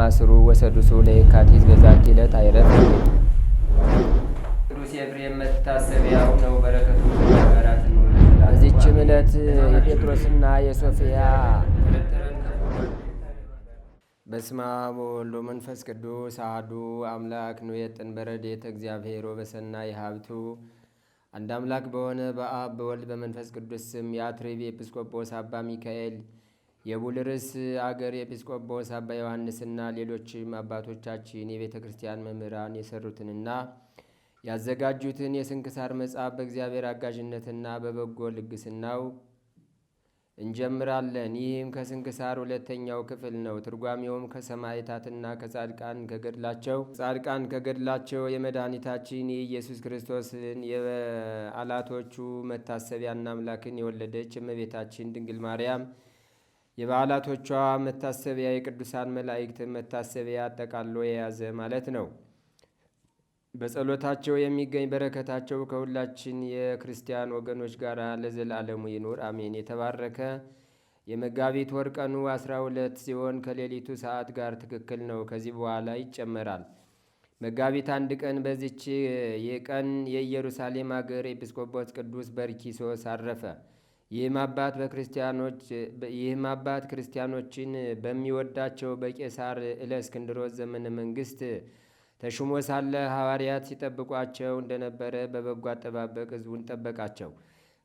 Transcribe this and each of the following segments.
ማስሩ ወሰዱሱ ለየካቲት በዛቲ ዕለት አይረፍ ቅዱስ ኤፍሬም መታሰቢያው ነው። በረከቱ በዚችም ዕለት የጴጥሮስና የሶፊያ በስማ በወልዶ መንፈስ ቅዱስ አህዱ አምላክ የጥን በረዴት እግዚአብሔር ወበሰና የሀብቱ አንድ አምላክ በሆነ በአብ በወልድ በመንፈስ ቅዱስ ስም የአትሪቢ ኤጲስቆጶስ አባ ሚካኤል የቡልርስ አገር ኤጲስቆጶስ አባ ዮሐንስና ሌሎችም አባቶቻችን የቤተ ክርስቲያን መምህራን የሰሩትንና ያዘጋጁትን የስንክሳር መጽሐፍ በእግዚአብሔር አጋዥነትና በበጎ ልግስናው እንጀምራለን። ይህም ከስንክሳር ሁለተኛው ክፍል ነው። ትርጓሜውም ከሰማዕታትና ከጻድቃን ከገድላቸው ጻድቃን ከገድላቸው የመድኃኒታችን የኢየሱስ ክርስቶስን የበዓላቶቹ መታሰቢያና አምላክን የወለደች እመቤታችን ድንግል ማርያም የበዓላቶቿ መታሰቢያ የቅዱሳን መላእክት መታሰቢያ አጠቃሎ የያዘ ማለት ነው። በጸሎታቸው የሚገኝ በረከታቸው ከሁላችን የክርስቲያን ወገኖች ጋር ለዘላለሙ ይኑር አሜን። የተባረከ የመጋቢት ወር ቀኑ ሲሆን ከሌሊቱ ሰዓት ጋር ትክክል ነው። ከዚህ በኋላ ይጨመራል። መጋቢት አንድ ቀን በዚች የቀን የኢየሩሳሌም አገር ኤጲስቆጶስ ቅዱስ በርኪሶስ አረፈ። ይህም አባት በክርስቲያኖች ይህም አባት ክርስቲያኖችን በሚወዳቸው በቄሳር እለእስክንድሮስ ዘመነ መንግስት ተሹሞ ሳለ ሐዋርያት ሲጠብቋቸው እንደነበረ በበጎ አጠባበቅ ሕዝቡን ጠበቃቸው።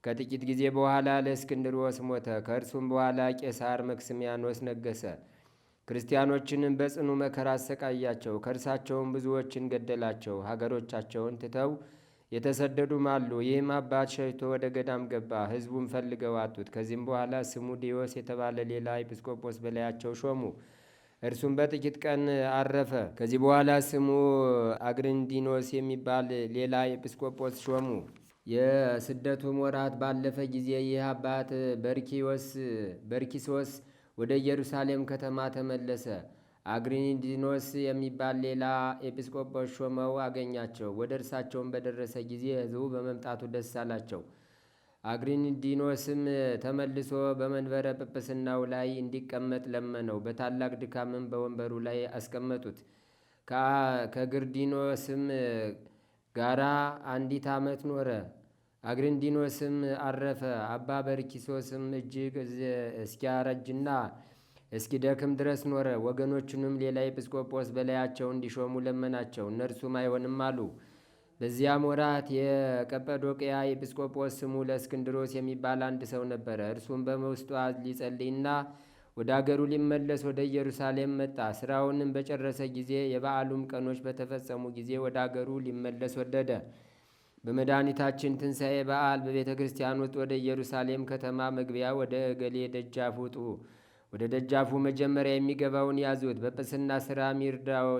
ከጥቂት ጊዜ በኋላ ለእስክንድሮስ ሞተ። ከእርሱም በኋላ ቄሳር መክስሚያኖስ ነገሰ። ክርስቲያኖችንም በጽኑ መከራ አሰቃያቸው። ከእርሳቸውም ብዙዎችን ገደላቸው። ሀገሮቻቸውን ትተው የተሰደዱም አሉ። ይህም አባት ሸሽቶ ወደ ገዳም ገባ። ህዝቡም ፈልገው አጡት። ከዚህም በኋላ ስሙ ዲዮስ የተባለ ሌላ ኤጲስቆጶስ በላያቸው ሾሙ። እርሱም በጥቂት ቀን አረፈ። ከዚህ በኋላ ስሙ አግሪንዲኖስ የሚባል ሌላ ኤጲስቆጶስ ሾሙ። የስደቱም ወራት ባለፈ ጊዜ ይህ አባት በርኪሶስ ወደ ኢየሩሳሌም ከተማ ተመለሰ። አግሪኒዲኖስ የሚባል ሌላ ኤጲስቆጶስ ሾመው አገኛቸው። ወደ እርሳቸውም በደረሰ ጊዜ ሕዝቡ በመምጣቱ ደስ አላቸው። አግሪኒዲኖስም ተመልሶ በመንበረ ጵጵስናው ላይ እንዲቀመጥ ለመነው። በታላቅ ድካምም በወንበሩ ላይ አስቀመጡት። ከግርዲኖስም ጋራ አንዲት ዓመት ኖረ። አግሪንዲኖስም አረፈ። አባ በርኪሶስም እጅግ እስኪያረጅና እስኪደክም ድረስ ኖረ። ወገኖቹንም ሌላ ኤጲስቆጶስ በላያቸው እንዲሾሙ ለመናቸው። እነርሱም አይሆንም አሉ። በዚያም ወራት የቀጰዶቅያ ኤጲስቆጶስ ስሙ ለእስክንድሮስ የሚባል አንድ ሰው ነበረ። እርሱም በመውስጧ ሊጸልይና ወደ አገሩ ሊመለስ ወደ ኢየሩሳሌም መጣ። ስራውንም በጨረሰ ጊዜ የበዓሉም ቀኖች በተፈጸሙ ጊዜ ወደ አገሩ ሊመለስ ወደደ። በመድኃኒታችን ትንሣኤ በዓል በቤተ ክርስቲያን ውስጥ ወደ ኢየሩሳሌም ከተማ መግቢያ ወደ እገሌ ደጃፍ ውጡ ወደ ደጃፉ መጀመሪያ የሚገባውን ያዙት። በጵስና ስራም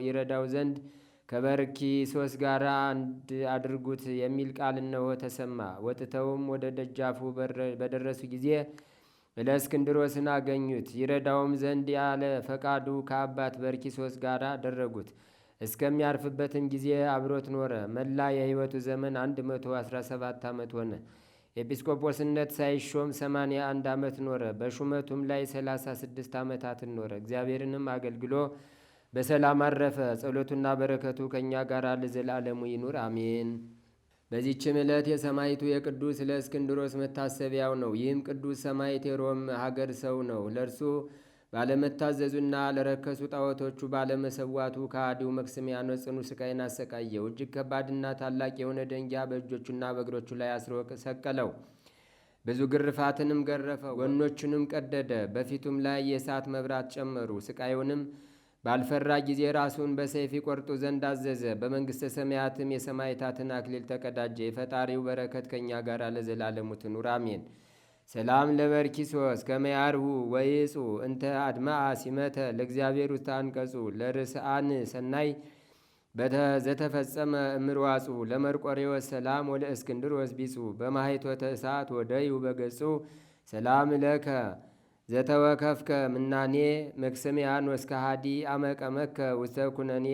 ይረዳው ዘንድ ከበርኪ ሶስት ጋር አንድ አድርጉት የሚል ቃል እነሆ ተሰማ። ወጥተውም ወደ ደጃፉ በደረሱ ጊዜ እለእስክንድሮስን አገኙት። ይረዳውም ዘንድ ያለ ፈቃዱ ከአባት በርኪ ሶስት ጋር አደረጉት። እስከሚያርፍበትም ጊዜ አብሮት ኖረ። መላ የሕይወቱ ዘመን 117 ዓመት ሆነ። ኤጲስቆጶስነት ሳይሾም ሰማንያ አንድ ዓመት ኖረ። በሹመቱም ላይ 36 ስድስት ዓመታትን ኖረ። እግዚአብሔርንም አገልግሎ በሰላም አረፈ። ጸሎቱና በረከቱ ከእኛ ጋር ለዘላለሙ ይኑር አሜን። በዚችም ዕለት የሰማይቱ የቅዱስ ለእስክንድሮስ መታሰቢያው ነው። ይህም ቅዱስ ሰማይት የሮም ሀገር ሰው ነው። ለእርሱ ባለመታዘዙና ለረከሱ ጣዖቶቹ ባለመሰዋቱ ከአዲው መክስሚያኖስ ጽኑ ስቃይን አሰቃየው። እጅግ ከባድና ታላቅ የሆነ ደንጊያ በእጆቹና በእግሮቹ ላይ አስሮ ሰቀለው። ብዙ ግርፋትንም ገረፈው፣ ወኖቹንም ቀደደ። በፊቱም ላይ የእሳት መብራት ጨመሩ። ስቃዩንም ባልፈራ ጊዜ ራሱን በሰይፍ ይቆርጡ ዘንድ አዘዘ። በመንግሥተ ሰማያትም የሰማዕታትን አክሊል ተቀዳጀ። የፈጣሪው በረከት ከእኛ ጋር ለዘላለሙ ትኑር አሜን። ሰላም ለበርኪሶስ ከመያርሁ ወይጹ እንተ አድማአ ሲመተ ለእግዚአብሔር ውስተ አንቀጹ ለርስአን ሰናይ ዘተፈጸመ እምርዋጹ ለመርቆሬዎስ ሰላም ወለእስክንድሮስ ቢጹ በማኅቶተ እሳት ወደዩ በገጹ ሰላም ለከ ዘተወከፍከ ምናኔ መክስምያን ወስከሃዲ አመቀመከ ውስተ ኩነኔ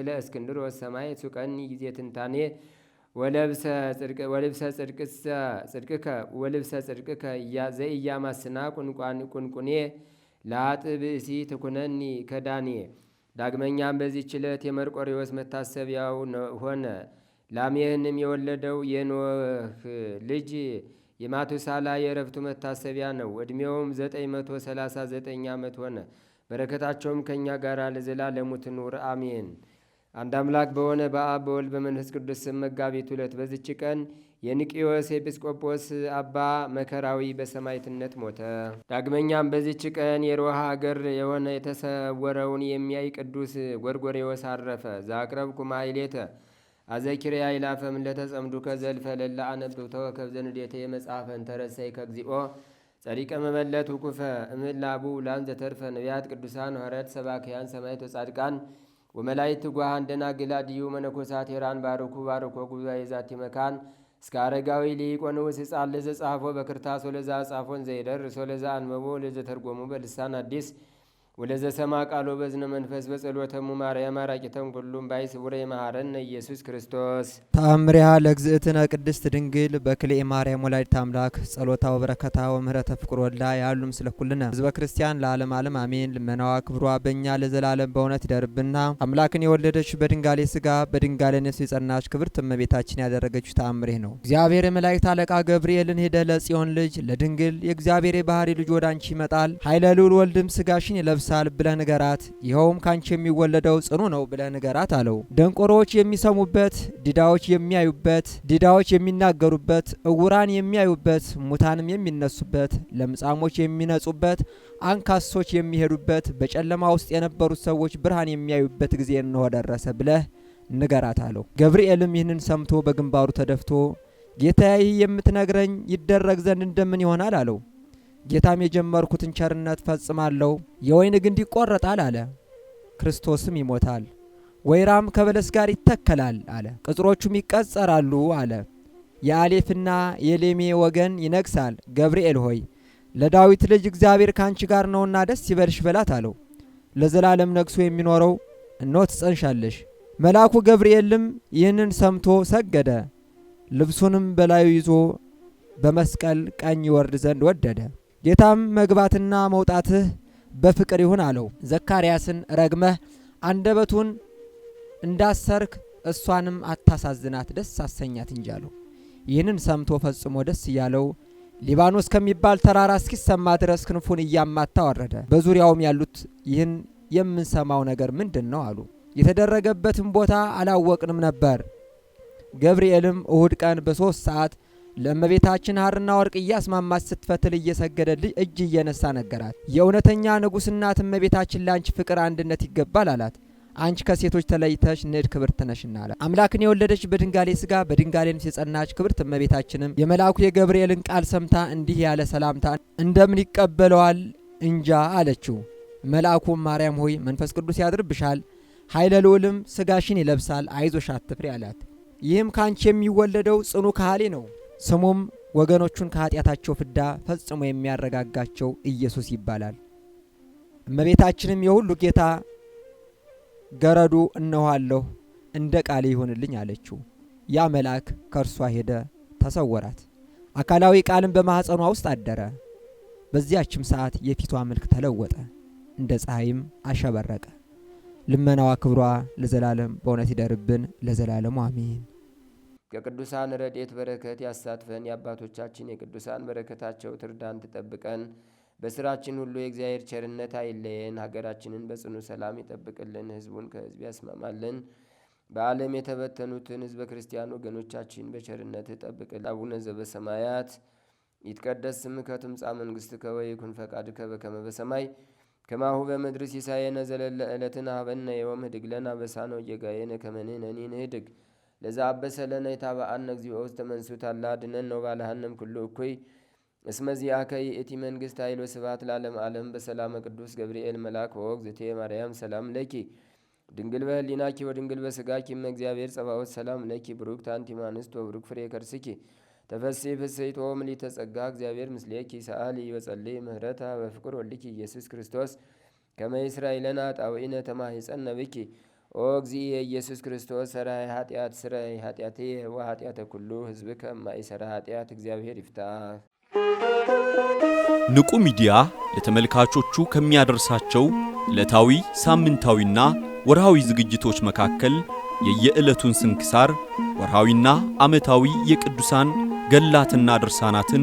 እለ እስክንድሮስ ሰማይ ሱቀኒ ጊዜ ትንታኔ ወለብሰ ጽድቅሰ ጽድቅከ ወልብሰ ጽድቅከ ዘኢያማስና ቁንቋን ቁንቁኔ ለአጥ ብእሲ ትኩነኒ ከዳኔ። ዳግመኛም በዚህች ዕለት የመርቆሬዎስ መታሰቢያው ሆነ። ላሜህንም የወለደው የኖህ ልጅ የማቱሳላ የእረፍቱ መታሰቢያ ነው። ዕድሜውም 939 ዓመት ሆነ። በረከታቸውም ከእኛ ጋር ለዘላለሙ ትኑር አሜን። አንድ አምላክ በሆነ በአብ በወልድ በመንፈስ ቅዱስ ስም መጋቢት ሁለት በዚች ቀን የኒቅዮስ ኤጲስቆጶስ አባ መከራዊ በሰማይትነት ሞተ። ዳግመኛም በዚች ቀን የሮሃ አገር የሆነ የተሰወረውን የሚያይ ቅዱስ ጎርጎሬዎስ አረፈ። ኩማ ይሌተ አዘኪሪያ ይላፈም ለተጸምዱ ከዘልፈ ለላ አነብብ ተወከብ ዘንዴተ የመጽሐፈን ተረሰይ ከግዚኦ ጸሪቀ መመለት ውኩፈ እምላቡ ላን ዘተርፈ ነቢያት ቅዱሳን ሐዋርያት ሰባክያን ሰማይት ወጻድቃን ወመላይት ጓሃን ደናግል አድዩ መነኮሳት ሄራን ባርኩ ባርኮ ጉባኤ ዛቲ መካን እስከ አረጋዊ ሊቆንውስ ሕፃን ለዘ ጻፎ በክርታስ ወለዛ ጻፎን ዘይደር ወለዛ አንበቦ ለዘ ተርጎሙ በልሳን አዲስ ወለዘሰማ ቃሎ በዝነ መንፈስ በጸሎተሙ ማርያም አራቂተን ሁሉም ባይስቡረ የማሃረነ ኢየሱስ ክርስቶስ ተአምሪያ ለእግዝእትነ ቅድስት ድንግል በክልኤ ማርያም ወላዲተ አምላክ ጸሎታ ወበረከታ ወምህረተ ፍቅር ወላ ያሉ ምስለ ኩልነ ህዝበ ክርስቲያን ለዓለም ዓለም አሜን። ልመናዋ ክብሯ በእኛ ለዘላለም በእውነት ይደርብና አምላክን የወለደች በድንጋሌ ስጋ በድንጋሌ ነፍስ የጸናች ክብርት እመቤታችን ያደረገችው ተአምሬ ነው። እግዚአብሔር የመላእክት አለቃ ገብርኤልን ሄደ ለጽዮን ልጅ ለድንግል የእግዚአብሔር የባህሪ ልጅ ወዳንቺ ይመጣል ኃይለ ልዑል ወልድም ስጋሽን ይለብሳል ይነሳል ብለህ ንገራት፣ ይኸውም ካንቺ የሚወለደው ጽኑ ነው ብለህ ንገራት አለው። ደንቆሮዎች የሚሰሙበት፣ ዲዳዎች የሚያዩበት፣ ዲዳዎች የሚናገሩበት፣ እውራን የሚያዩበት፣ ሙታንም የሚነሱበት፣ ለምጻሞች የሚነጹበት፣ አንካሶች የሚሄዱበት፣ በጨለማ ውስጥ የነበሩት ሰዎች ብርሃን የሚያዩበት ጊዜ እንሆ ደረሰ ብለህ ንገራት አለው። ገብርኤልም ይህንን ሰምቶ በግንባሩ ተደፍቶ ጌታዬ ይህ የምትነግረኝ ይደረግ ዘንድ እንደምን ይሆናል አለው። ጌታም የጀመርኩትን ቸርነት ፈጽማለሁ። የወይን ግንድ ይቆረጣል አለ፣ ክርስቶስም ይሞታል። ወይራም ከበለስ ጋር ይተከላል አለ፣ ቅጽሮቹም ይቀጸራሉ አለ። የአሌፍና የሌሜ ወገን ይነግሳል። ገብርኤል ሆይ ለዳዊት ልጅ እግዚአብሔር ካንቺ ጋር ነውና ደስ ይበልሽ በላት አለው። ለዘላለም ነግሶ የሚኖረው እነሆ ትጸንሻለሽ። መልአኩ ገብርኤልም ይህንን ሰምቶ ሰገደ። ልብሱንም በላዩ ይዞ በመስቀል ቀኝ ይወርድ ዘንድ ወደደ። ጌታም መግባትና መውጣትህ በፍቅር ይሁን አለው። ዘካርያስን ረግመህ አንደበቱን እንዳሰርክ እሷንም አታሳዝናት፣ ደስ አሰኛት እንጂ አለው። ይህንን ሰምቶ ፈጽሞ ደስ እያለው ሊባኖስ ከሚባል ተራራ እስኪሰማ ድረስ ክንፉን እያማታ ወረደ። በዙሪያውም ያሉት ይህን የምንሰማው ነገር ምንድን ነው አሉ። የተደረገበትን ቦታ አላወቅንም ነበር። ገብርኤልም እሁድ ቀን በሦስት ሰዓት ለእመቤታችን ሐርና ወርቅ እያስማማት ስትፈትል እየሰገደልኝ እጅ እየነሳ ነገራት። የእውነተኛ ንጉሥ እናት እመቤታችን ለአንቺ ፍቅር አንድነት ይገባል አላት። አንቺ ከሴቶች ተለይተሽ ንድ ክብርት ነሽና አላት። አምላክን የወለደች በድንጋሌ ስጋ በድንጋሌም የጸናች ክብርት እመቤታችንም የመልአኩ የገብርኤልን ቃል ሰምታ እንዲህ ያለ ሰላምታ እንደምን ይቀበለዋል እንጃ አለችው። መልአኩም ማርያም ሆይ መንፈስ ቅዱስ ያድርብሻል፣ ኃይለ ልዑልም ስጋሽን ይለብሳል፣ አይዞሽ አትፍሪ አላት። ይህም ከአንቺ የሚወለደው ጽኑ ካህሌ ነው ስሙም ወገኖቹን ከኃጢአታቸው ፍዳ ፈጽሞ የሚያረጋጋቸው ኢየሱስ ይባላል። እመቤታችንም የሁሉ ጌታ ገረዱ እነኋለሁ እንደ ቃል ይሁንልኝ አለችው። ያ መልአክ ከእርሷ ሄደ፣ ተሰወራት። አካላዊ ቃልም በማኅፀኗ ውስጥ አደረ። በዚያችም ሰዓት የፊቷ መልክ ተለወጠ፣ እንደ ፀሐይም አሸበረቀ። ልመናዋ ክብሯ ለዘላለም በእውነት ይደርብን፣ ለዘላለሙ አሜን። ከቅዱሳን ረድኤት በረከት ያሳትፈን። የአባቶቻችን የቅዱሳን በረከታቸው ትርዳን፣ ትጠብቀን። በስራችን ሁሉ የእግዚአብሔር ቸርነት አይለየን። ሀገራችንን በጽኑ ሰላም ይጠብቅልን፣ ህዝቡን ከህዝብ ያስማማልን። በዓለም የተበተኑትን ህዝበ ክርስቲያን ወገኖቻችን በቸርነት ጠብቅልን። አቡነ ዘበሰማያት ይትቀደስ ስምከ ትምጻእ መንግሥትከ ወይኩን ፈቃድከ በከመ በሰማይ ከማሁ በምድር ሲሳየነ ዘለለ ዕለትነ ሀበነ ዮም ህድግ ለነ አበሳነ ወጌጋየነ ከመ ንሕነኒ ንህድግ ለዛ ለነ የታበአነ እግዚኦ ውስተ መንሱት አላድነን ነው ባለሃንም ኩሉ እኩይ እስመዚያ እቲ መንግሥት ኃይሎ ስባት ላለም ዓለም በሰላመ ቅዱስ ገብርኤል መልአክ ወእግዝእቴ ማርያም ሰላም ለኪ ድንግል በህሊናኪ ወድንግል በስጋኪ እመ እግዚአብሔር ጸባዖት ሰላም ለኪ ብሩክ አንቲ እምአንስት ወብሩክ ፍሬ ከርስኪ ተፈሴ ፍሴቶ ምልዕተ ጸጋ እግዚአብሔር ምስሌኪ ሰአሊ ወጸልይ ምህረታ በፍቅር ወልኪ ኢየሱስ ክርስቶስ ከመ ይስራይ ጣውኢነ ኃጣውኢነ ተማኅፀነ ብኪ ኦ እግዚእ ኢየሱስ ክርስቶስ ሰራይ ኃጢአት ስራይ ኃጢአት ወኃጢአተ ኩሉ ህዝብ ከማይሰራ ኃጢአት እግዚአብሔር ይፍታ። ንቁ ሚዲያ ለተመልካቾቹ ከሚያደርሳቸው ዕለታዊ ሳምንታዊና ወርሃዊ ዝግጅቶች መካከል የየዕለቱን ስንክሳር ወርሃዊና ዓመታዊ የቅዱሳን ገላትና ድርሳናትን